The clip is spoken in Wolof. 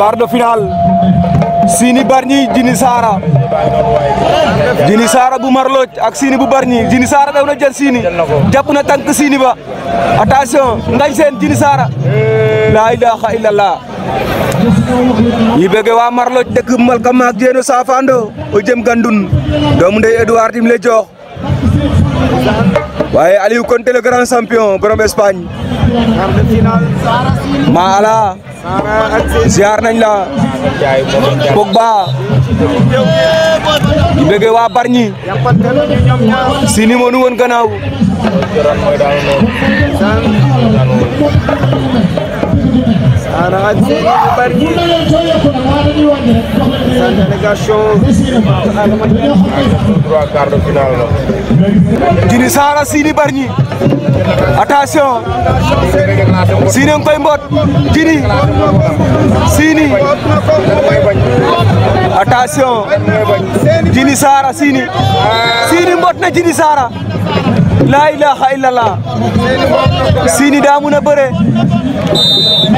quart de finale Siny Bargny Jini Sara Jini Sara bu Marloj ak Siny bu Bargny Jini Sara daw na jël Siny jàpp na tànk Siny ba attention ngañ seen Jini Sara laa ilaaha illallah ñi bëgge waa Marloj dëkk Malka maak jeeno safando o jëm gandun doomu ndey Edouard im le jox waaye Aliou Konté champion borom Espagne maa ala ziar nañ la Pogba di bëgg waa Bargny si ni moo nu woon gannaaw sa délégation trois quarts de Jini Sara Sidi Bargny mbot Jini Sini attention Jini Sara Sini Sini mbot na Jini Sara la ilaha illallah Sini daa mun bëre